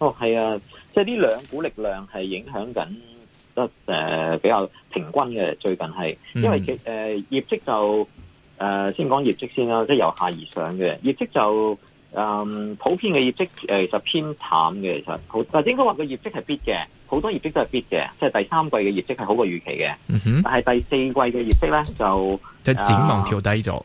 哦，係啊，即係呢兩股力量係影響緊，得、呃、誒比較平均嘅最近係，因為其誒、呃、業績就誒、呃、先講業績先啦，即係由下而上嘅業績就誒、呃、普遍嘅業績誒就、呃、偏淡嘅，其實好，但係應該話個業績係必嘅，好多業績都係必嘅，即係第三季嘅業績係好過預期嘅，、嗯，但係第四季嘅業績咧就就展望調低咗，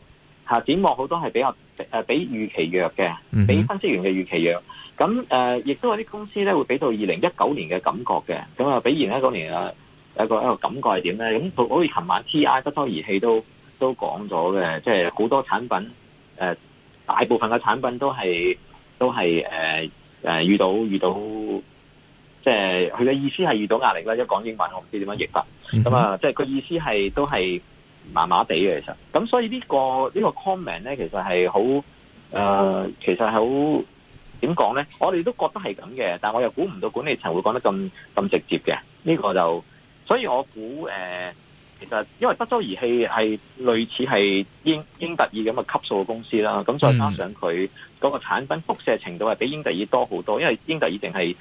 吓、呃、展望好多係比較誒、呃、比預期弱嘅，、嗯，比分析員嘅預期弱。咁誒，亦、呃、都有啲公司咧會俾到二零一九年嘅感覺嘅，咁、嗯、啊，俾二零一九年啊一個有一個感覺係點咧？咁、嗯、好似琴晚 T.I. 不多儀器都都講咗嘅，即係好多產品、呃、大部分嘅產品都係都係誒、呃呃、遇到遇到，即係佢嘅意思係遇到壓力啦。一講英文我唔知點樣譯法，咁、嗯、啊，即係個意思係都係麻麻地嘅其實。咁所以呢、這個呢、這個 comment 咧，其實係好誒，其實係好。點講咧？我哋都覺得係咁嘅，但係我又估唔到管理層會講得咁咁直接嘅。呢、這個就，所以我估誒、呃，其實因為德州儀器係類似係英英特爾咁嘅級數嘅公司啦。咁再加上佢嗰個產品輻射程度係比英特爾多好多，因為英特爾淨係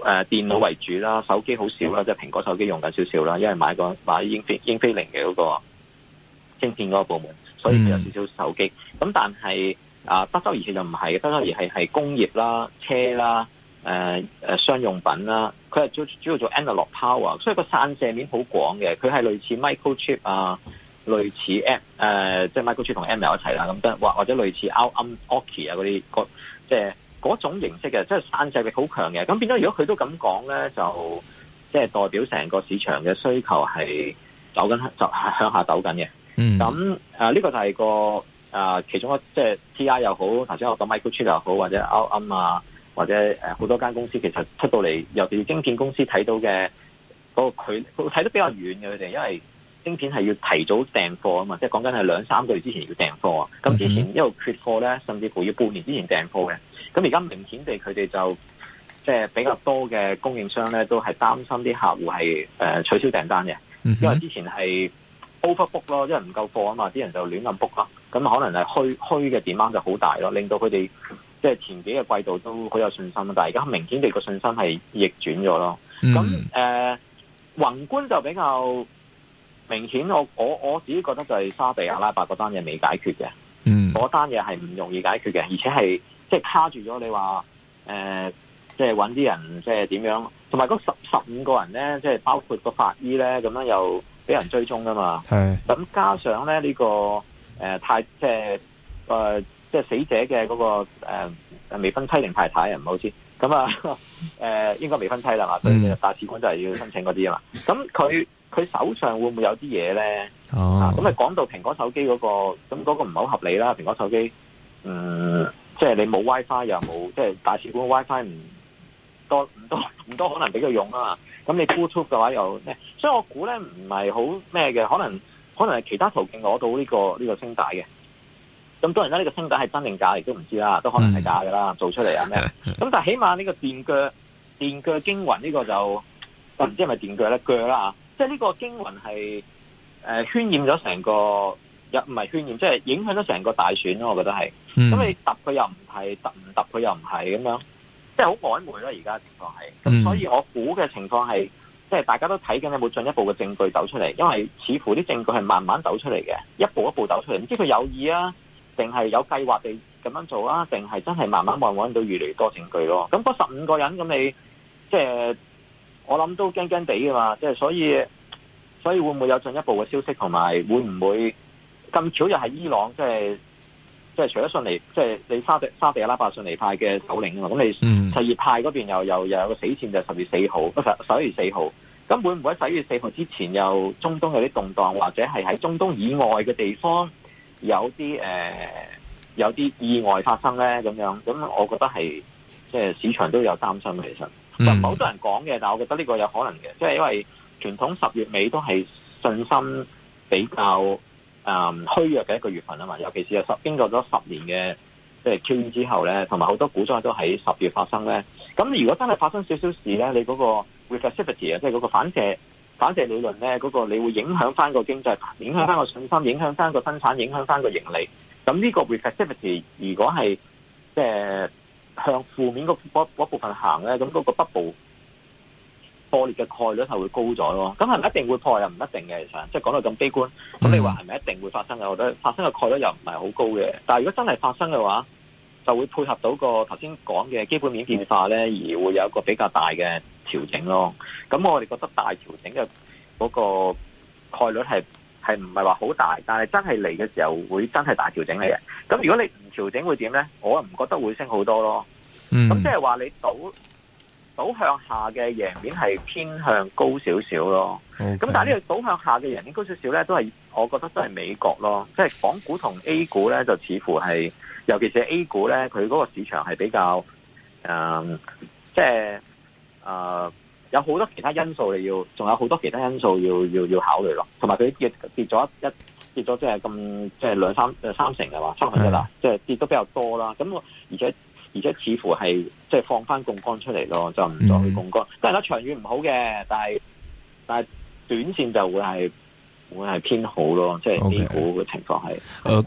誒電腦為主啦，手機好少啦，即係蘋果手機用緊少少啦，因為買個買英英飛凌嘅嗰個芯片嗰個部門，所以佢有少少手機。咁、嗯、但係。啊！德州儀器就唔係，德州儀器係工業啦，車啦，誒、呃、誒商用品啦，佢係最主要做 analog power，所以個散射面好廣嘅。佢係類似 microchip 啊，類似誒、呃、即係 microchip 同 ML 一齊啦，咁或或者類似 out of k i 啊嗰啲即係嗰種形式嘅，即係散射力好強嘅。咁變咗，如果佢都咁講咧，就即係代表成個市場嘅需求係走緊，就向下走緊嘅。嗯那，咁啊呢個就係個。啊、呃，其中一即係 T.I. 又好，頭先我講 Microchip 又好，或者 Outum 啊，或者誒好、呃、多間公司其實出到嚟，尤其是晶片公司睇到嘅嗰個佢睇得比較遠嘅佢哋，因為晶片係要提早訂貨啊嘛，即係講緊係兩三個月之前要訂貨啊。咁之前因為缺貨咧，甚至乎要半年之前訂貨嘅。咁而家明顯地佢哋就即係比較多嘅供應商咧，都係擔心啲客戶係誒取消訂單嘅，因為之前係 overbook 咯，因為唔夠貨啊嘛，啲人就亂咁 book 咁可能係虛虛嘅點壓就好大咯，令到佢哋即係前幾個季度都好有信心，但係而家明顯地個信心係逆轉咗咯。咁、嗯、誒、呃，宏觀就比較明顯，我我我自己覺得就係沙地阿拉伯嗰單嘢未解決嘅，嗯，嗰單嘢係唔容易解決嘅，而且係即係卡住咗。就是、你話誒，即係搵啲人即係點樣？同埋嗰十十五個人咧，即、就、係、是、包括個法醫咧，咁樣又俾人追蹤噶嘛？係咁加上咧呢、這個。誒、呃，太即係誒，即係死者嘅嗰、那個誒、呃、未婚妻定太太啊，唔好意思。咁啊，誒、呃、應該未婚妻啦嘛，所以大使館就係要申請嗰啲啊嘛。咁佢佢手上會唔會有啲嘢咧？Oh. 啊，咁咪講到蘋果手機嗰、那個，咁嗰個唔係好合理啦。蘋果手機，嗯，即、就、係、是、你冇 WiFi 又冇，即、就、係、是、大使館 WiFi 唔多，唔多唔多可能俾佢用啊。咁你 YouTube 嘅話又，所以我估咧唔係好咩嘅，可能。可能係其他途徑攞到呢、這個呢、這個聲帶嘅，咁多人咧呢個聲帶係真定假，亦都唔知啦，都可能係假噶啦、嗯，做出嚟啊咩？咁但係起碼呢個電鋸電鋸驚魂呢個就，唔、嗯、知係咪電鋸咧鋸啦，即係呢個驚魂係誒渲染咗成個，又唔係渲染，即係影響咗成個大選咯，我覺得係。咁、嗯、你揼佢又唔係，揼唔揼佢又唔係，咁樣即係好曖昧啦而家情況係。咁、嗯、所以我估嘅情況係。即係大家都睇緊有冇進一步嘅證據走出嚟，因為似乎啲證據係慢慢走出嚟嘅，一步一步走出嚟。唔知佢有意啊，定係有計劃地咁樣做啊，定係真係慢慢慢揾到越嚟越多證據咯。咁嗰十五個人咁你，即係我諗都驚驚地㗎嘛。即係所以，所以會唔會有進一步嘅消息，同埋會唔會咁巧又係伊朗即係？即係除咗遜尼，即係你沙地沙地阿拉伯遜尼派嘅首領啊嘛，咁你什葉派嗰邊又又又有個死線就十月四號，十一月四號。咁會唔會喺十一月四號之前，又中東有啲動盪，或者係喺中東以外嘅地方有啲誒、呃，有啲意外發生咧？咁樣，咁我覺得係即係市場都有擔心。其實，唔係好多人講嘅，但係我覺得呢個有可能嘅，即係因為傳統十月尾都係信心比較。誒、嗯、虛弱嘅一個月份啊嘛，尤其是十經過咗十年嘅即係 QE 之後咧，同埋好多股災都喺十月發生咧。咁如果真係發生少少事咧，你嗰個 reflexivity 啊，即係反射反射理論咧，嗰、那個你會影響翻個經濟，影響翻個信心，影響翻個生產，影響翻個盈利。咁呢個 reflexivity 如果係即係向負面嗰部分行咧，咁嗰個北部破裂嘅概率係會高咗咯，咁係咪一定會破？又唔一定嘅，其實即係講到咁悲觀，咁你話係咪一定會發生嘅？我覺得發生嘅概率又唔係好高嘅，但係如果真係發生嘅話，就會配合到個頭先講嘅基本面變化咧、嗯，而會有一個比較大嘅調整咯。咁我哋覺得大調整嘅嗰個概率係係唔係話好大，但係真係嚟嘅時候會真係大調整嚟嘅。咁如果你唔調整會點咧？我唔覺得會升好多咯。嗯，咁即係話你倒。倒向下嘅贏面係偏向高少少咯，咁、嗯嗯、但係呢個倒向下嘅贏面高少少咧，都係我覺得都係美國咯，即係港股同 A 股咧就似乎係，尤其是 A 股咧，佢嗰個市場係比較，嗯、呃，即係，啊、呃，有好多其他因素你要，仲有好多其他因素要因素要要，要考慮咯，同埋佢跌咗一一跌咗一跌咗即係咁即係兩三誒三成嘅話，三分一啦，即、嗯、係、就是、跌得比較多啦，咁而且。而且似乎係即係放翻槓杆出嚟咯，就唔再去槓杆、嗯。當然啦，長遠唔好嘅，但係但係短線就會係會係偏好咯，即係呢股嘅情況係。Okay. Uh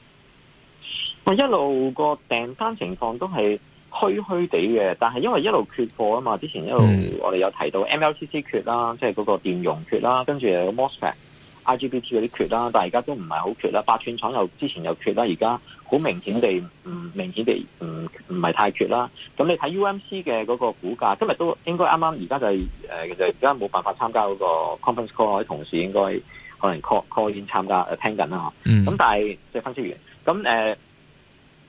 一路、嗰個訂單情況都係虛虛地嘅，但係因為一路缺貨啊嘛，之前一路我哋有提到 M L C C 缺啦，即係嗰個電容缺啦，跟住有 Mosfet、I G B T 嗰啲缺啦，但係而家都唔係好缺啦。八寸廠又之前又缺啦，而家好明顯地唔、嗯、明顯地唔唔係太缺啦。咁你睇 U M C 嘅嗰個股價，今日都應該啱啱而家就係其實而家冇辦法參加嗰個 conference call，啲同事應該可能 call 已經參加誒、呃、聽緊啦咁、嗯、但係即係分析員。咁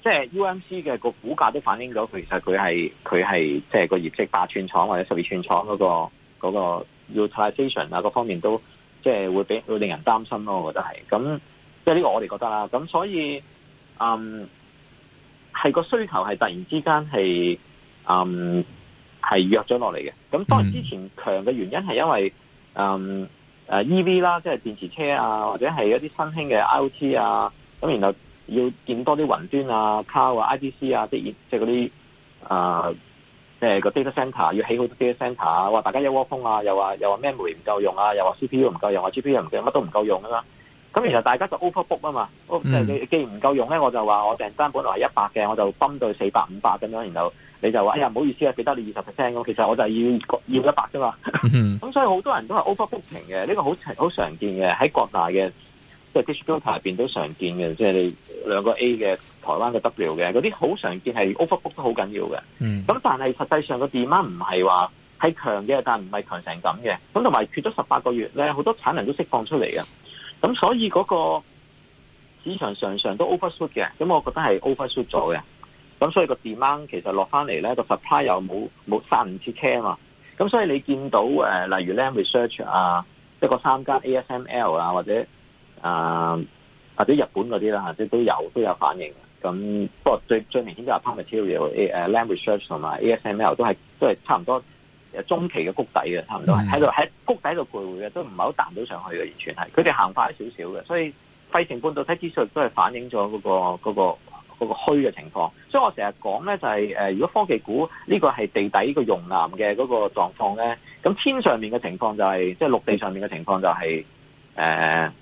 即係 U M C 嘅個股價都反映到，其實佢係佢係即係個業績八寸廠或者十二寸廠嗰、嗰個 utilization 啊，嗰個、各方面都即係會比會令人擔心咯。我覺得係咁，即係呢個我哋覺得啦。咁所以嗯，係個需求係突然之間係嗯係弱咗落嚟嘅。咁當然之前強嘅原因係因為嗯誒 E V 啦，即係電池車啊，或者係一啲新興嘅 I O T 啊，咁然後。要建多啲雲端啊、卡啊、IDC 啊、即係嗰啲啊，即係個 data center 要起好多 data center 啊，話大家一窩蜂啊，又話又話 memory 唔夠用啊，又話 CPU 唔夠用，夠用，夠用啊 GPU 唔夠，乜都唔夠用啦。咁其實大家就 overbook 啊嘛，即、嗯、係既然唔夠用咧，我就話我訂單本來係一百嘅，我就泵到四百五百咁樣，然後你就話哎呀唔好意思啊，俾多你二十 percent 咁，其實我就要要一百啫嘛。咁、嗯、 所以好多人都係 overbooking 嘅，呢、這個好好常見嘅喺國內嘅。即係 distribution 邊都常見嘅，即係你兩個 A 嘅台灣嘅 W 嘅，嗰啲好常見係 overbook 都好緊要嘅。嗯，咁但係實際上個 demand 唔係話係強嘅，但唔係強成咁嘅。咁同埋缺咗十八個月咧，好多產能都釋放出嚟嘅。咁所以嗰個市場上上都 overshoot 嘅，咁我覺得係 overshoot 咗嘅。咁所以個 demand 其實落翻嚟咧，個 supply 又冇冇三五次車啊嘛。咁所以你見到誒、呃，例如咧 research 啊，即係三間 ASML 啊，或者。啊、呃，或者日本嗰啲啦，即都有都有反應咁，不過最最明顯都係 Applied Materials，誒 Lam Research 同埋 ASML 都係都係差唔多中期嘅谷底嘅，差唔多係喺度喺谷底度徘徊嘅，都唔係好彈到上去嘅，完全係佢哋行快少少嘅。所以費城半導體指數都係反映咗嗰、那個嗰、那個那個虛嘅情況。所以我成日講咧就係、是、誒、呃，如果科技股呢個係地底個熔岩嘅嗰個狀況咧，咁天上面嘅情況就係即係陸地上面嘅情況就係、是、誒。呃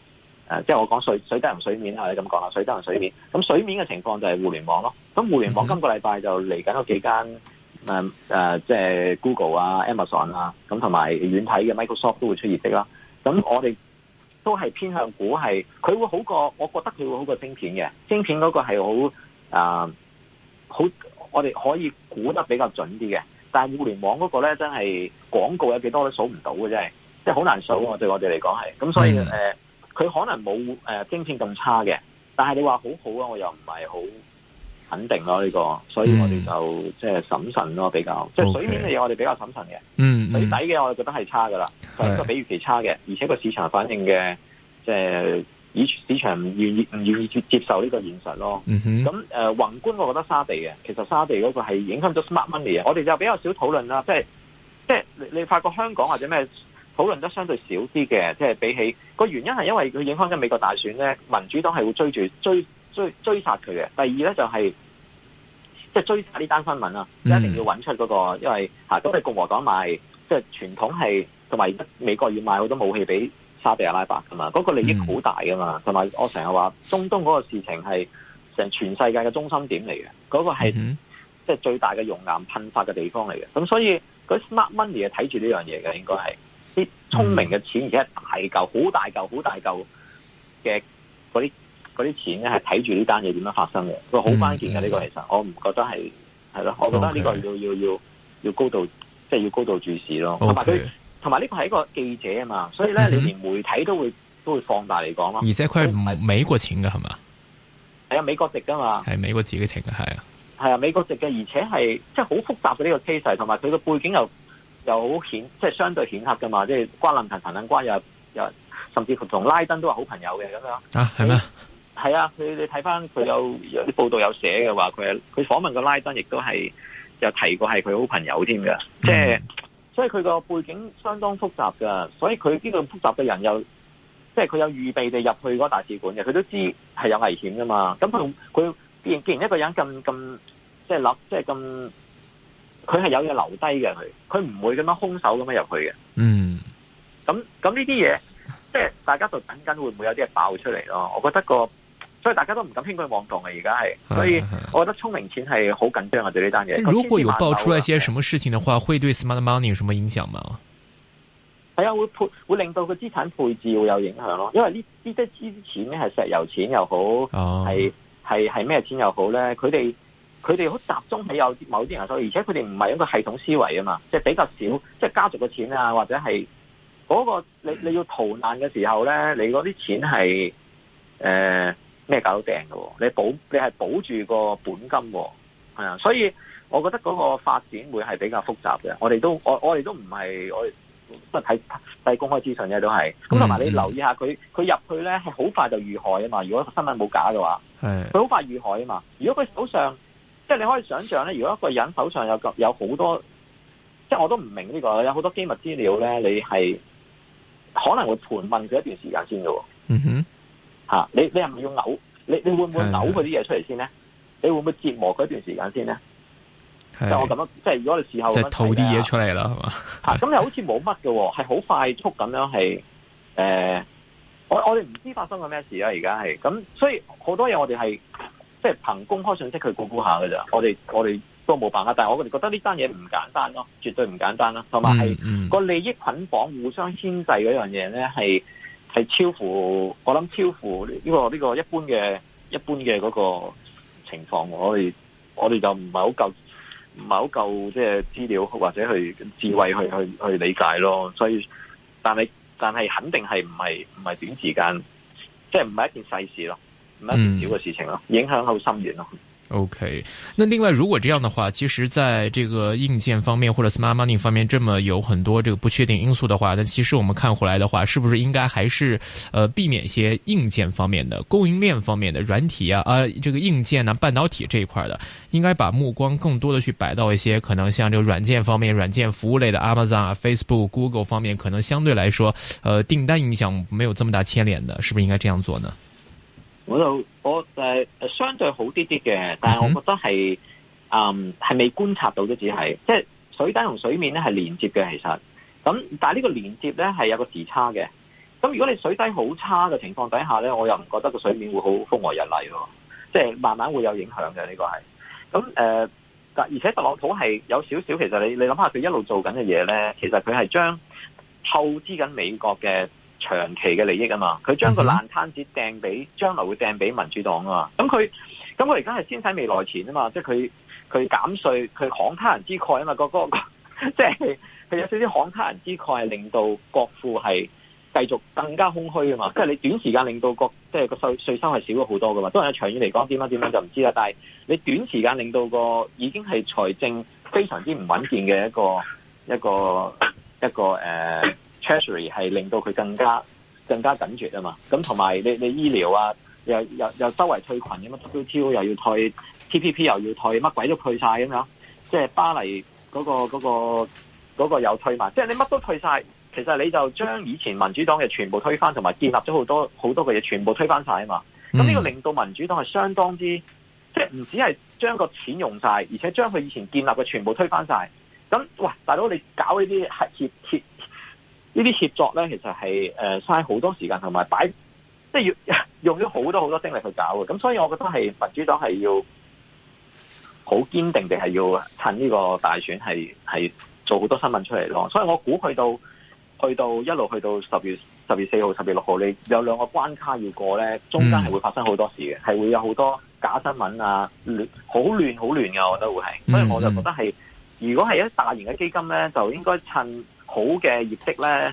誒、啊，即係我講水水底同水面啊，你咁講啦，水底同水面。咁水，水面嘅情況就係互聯網咯。咁互聯網今個禮拜就嚟緊嗰幾間誒、呃呃、即係 Google 啊、Amazon 啊，咁同埋遠睇嘅 Microsoft 都會出業績啦。咁我哋都係偏向估，係佢會好過，我覺得佢會好過晶片嘅。晶片嗰個係好啊，好、呃、我哋可以估得比較準啲嘅。但係互聯網嗰個咧，真係廣告有幾多都數唔到嘅，真係，即係好難數啊。對我哋嚟講係，咁所以誒。佢可能冇誒精算咁差嘅，但係你話好好啊，我又唔係好肯定咯呢、呢個，所以我哋就、嗯、即係審慎咯比較，即、okay. 係水面嘅嘢我哋比較審慎嘅，嗯，嗯水底嘅我覺得係差噶啦，係比預期差嘅，而且個市場反應嘅即係市市場唔願意唔願意接接受呢個現實咯，咁、嗯、誒、呃、宏觀我覺得沙地嘅，其實沙地嗰個係影響咗 smart money 嘅我哋就比較少討論啦，即係即係你你發覺香港或者咩？討論得相對少啲嘅，即係比起個原因係因為佢影響緊美國大選咧，民主黨係會追住追追追殺佢嘅。第二咧就係即係追殺呢單新聞啊，mm -hmm. 一定要揾出嗰個，因為吓咁你共和黨買即係傳統係同埋美國要買好多武器俾沙地阿拉伯噶嘛，嗰個利益好大噶嘛。同埋，mm -hmm. 我成日話中東嗰個事情係成全世界嘅中心點嚟嘅，嗰個係，mm -hmm. 即係最大嘅熔岩噴發嘅地方嚟嘅。咁所以嗰 smart money 啊睇住呢樣嘢嘅，應該係。啲聰明嘅錢，而且係大嚿，好大嚿，好大嚿嘅嗰啲嗰啲錢咧，係睇住呢單嘢點樣發生嘅，佢好關鍵嘅呢個其實，我唔覺得係係咯，我覺得呢個要 okay, 要要要高度即係要高度注視咯。同埋佢，同埋呢個係一個記者啊嘛，所以咧、嗯，你連媒體都會都會放大嚟講咯。而且佢係美國錢噶係嘛？係啊，美國籍噶嘛？係美國自己錢啊，係啊，係啊，美國籍嘅，而且係即係好複雜嘅呢個 case，同埋佢個背景又。又好顯，即係相對顯赫噶嘛，即係關林騰、陳林關又又，甚至乎同拉登都係好朋友嘅咁樣。啊，係咩？係啊，佢你睇翻佢有報道有寫嘅話，佢佢訪問個拉登也是，亦都係有提過係佢好朋友添㗎，即係、嗯、所以佢個背景相當複雜㗎，所以佢呢個複雜嘅人又即係佢有預備地入去嗰個大使館嘅，佢都知係有危險㗎嘛。咁佢佢既然既然一個人咁咁即係諗，即係咁。佢係有嘢留低嘅，佢，佢唔會咁樣空手咁樣入去嘅。嗯，咁咁呢啲嘢，即係大家就等緊會唔會有啲嘢爆出嚟咯。我覺得個，所以大家都唔敢輕舉妄動啊。而家係，所以我覺得聰明錢係好緊張啊。對呢單嘢，如果有爆出一些什麼事情嘅話，會對 smart money 有什麼影響嗎？係啊，會會令到個資產配置會有影響咯。因為呢呢啲錢咧係石油錢又好，係係係咩錢又好咧，佢哋。佢哋好集中喺有某啲人，所以而且佢哋唔係一個系統思維啊嘛，即係比較少，即係家族嘅錢啊，或者係嗰個你你要逃難嘅時候咧，你嗰啲錢係誒咩搞到掟嘅？你保你係保住個本金喎，係啊，啊，所以我覺得嗰個發展會係比較複雜嘅。我哋都我我哋都唔係我都係睇公開資訊嘅都係。咁同埋你留意一下佢佢入去咧係好快就遇害啊嘛！如果新聞冇假嘅話，係佢好快遇害啊嘛！如果佢手上即係你可以想象，咧，如果一個人手上有有好多，即係我都唔明呢個，有好多機密資料咧，你係可能會盤問佢一段時間先嘅。嗯哼，吓、啊、你你係咪要扭？你你會唔會扭佢啲嘢出嚟先咧？你會唔會折磨佢一段時間先咧？即係我咁樣，即係如果你事後就是、吐啲嘢出嚟啦，係、啊、嘛？吓咁又好似冇乜嘅，係好快速咁樣係誒，我我哋唔知發生個咩事啦，而家係咁，所以好多嘢我哋係。即係憑公開信息去估估下噶咋？我哋我哋都冇辦法，但係我哋覺得呢單嘢唔簡單咯，絕對唔簡單啦。同埋係個利益捆綁、互相牽制嗰樣嘢咧，係係超乎我諗，超乎呢個呢個一般嘅一般嘅嗰個情況。我哋我哋就唔係好夠唔係好夠即係資料或者去智慧去去去理解咯。所以但係但係肯定係唔係唔係短時間，即係唔係一件細事咯。嗯，結果事情咯，影響好深遠咯。OK，那另外如果這樣的話，其實在這個硬件方面或者 smart money 方面這麼有很多這個不確定因素的話，那其實我們看回來的話，是不是應該還是，呃，避免一些硬件方面的供應鏈方面的軟體啊，啊、呃，這個硬件啊，半導體這一塊的，應該把目光更多的去擺到一些可能像這個軟件方面、軟件服務類的 Amazon 啊、啊 Facebook、Google 方面，可能相對來說，呃，訂單影響沒有這麼大牽連的，是不是應該這樣做呢？我就我誒誒相對好啲啲嘅，但係我覺得係嗯係未觀察到都只係，即係水底同水面咧係連接嘅，其實咁，但係呢個連接咧係有個時差嘅。咁如果你水底好差嘅情況底下咧，我又唔覺得個水面會好風和日麗喎，即係慢慢會有影響嘅。呢個係咁、呃、而且特朗普係有少少，其實你你諗下佢一路做緊嘅嘢咧，其實佢係將透支緊美國嘅。長期嘅利益啊嘛，佢將個爛攤子掟俾將來會掟俾民主黨啊嘛，咁佢咁我而家係先使未來錢啊嘛，即係佢佢減稅佢慷他人之慨啊嘛，個個，個，個即係佢有少少慷他人之慨，令到國庫係繼續更加空虛啊嘛，即係你短時間令到國即係個稅稅、就是、收係少咗好多噶嘛，都係喺長遠嚟講點樣點樣就唔知啦，但係你短時間令到個已經係財政非常之唔穩健嘅一個一個一個誒。Treasury 係令到佢更加更加緊絕啊嘛！咁同埋你你醫療啊，又又又周圍退群咁啊，WTO 又要退，TPP 又要退，乜鬼都退晒。咁樣，即係巴黎嗰個嗰個嗰個又退埋，即係你乜都退晒。其實你就將以前民主黨嘅全部推翻，同埋建立咗好多好多嘅嘢，全部推翻晒啊嘛！咁、嗯、呢個令到民主黨係相當之，即係唔止係將個錢用晒，而且將佢以前建立嘅全部推翻晒。咁喂，大佬你搞呢啲呢啲協作咧，其實係誒嘥好多時間，同埋擺即係要用咗好多好多精力去搞嘅。咁所以，我覺得係民主黨係要好堅定地係要趁呢個大選係係做好多新聞出嚟咯。所以我估去到去到一路去到十月十月四號、十月六號，你有兩個關卡要過咧，中間係會發生好多事嘅，係、嗯、會有好多假新聞啊，好亂好亂嘅，我覺得會係。所以我就覺得係，如果係一大型嘅基金咧，就應該趁。好嘅業績咧，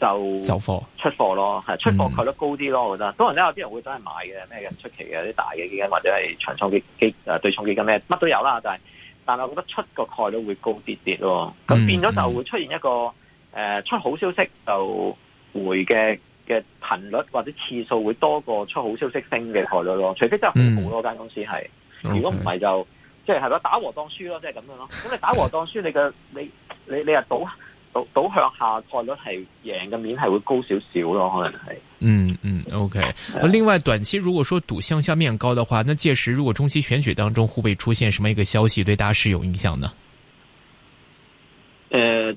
就走貨出貨咯，係出貨概、嗯、率高啲咯，我覺得。當然咧，有啲人會真係買嘅，咩嘅唔出奇嘅，啲大嘅基金，或者係長倉基基對沖基金咩乜都有啦。但、就、係、是，但係我覺得出個概率會高啲啲咯。咁變咗就會出現一個誒、嗯、呃、出好消息就回嘅嘅頻率或者次數會多過出好消息升嘅概率咯。除非真係好唔好嗰間公司係，嗯、如果唔係就、okay. 即係咯打和當輸咯，即係咁樣咯。咁你打和當輸，你嘅你你你啊賭向下概率係贏嘅面係會高少少咯，可能係。嗯嗯，OK。另外短期如果說賭向下面高的話，那屆時如果中期選舉當中會不會出現什麼一個消息對大家是有影響呢？誒、呃。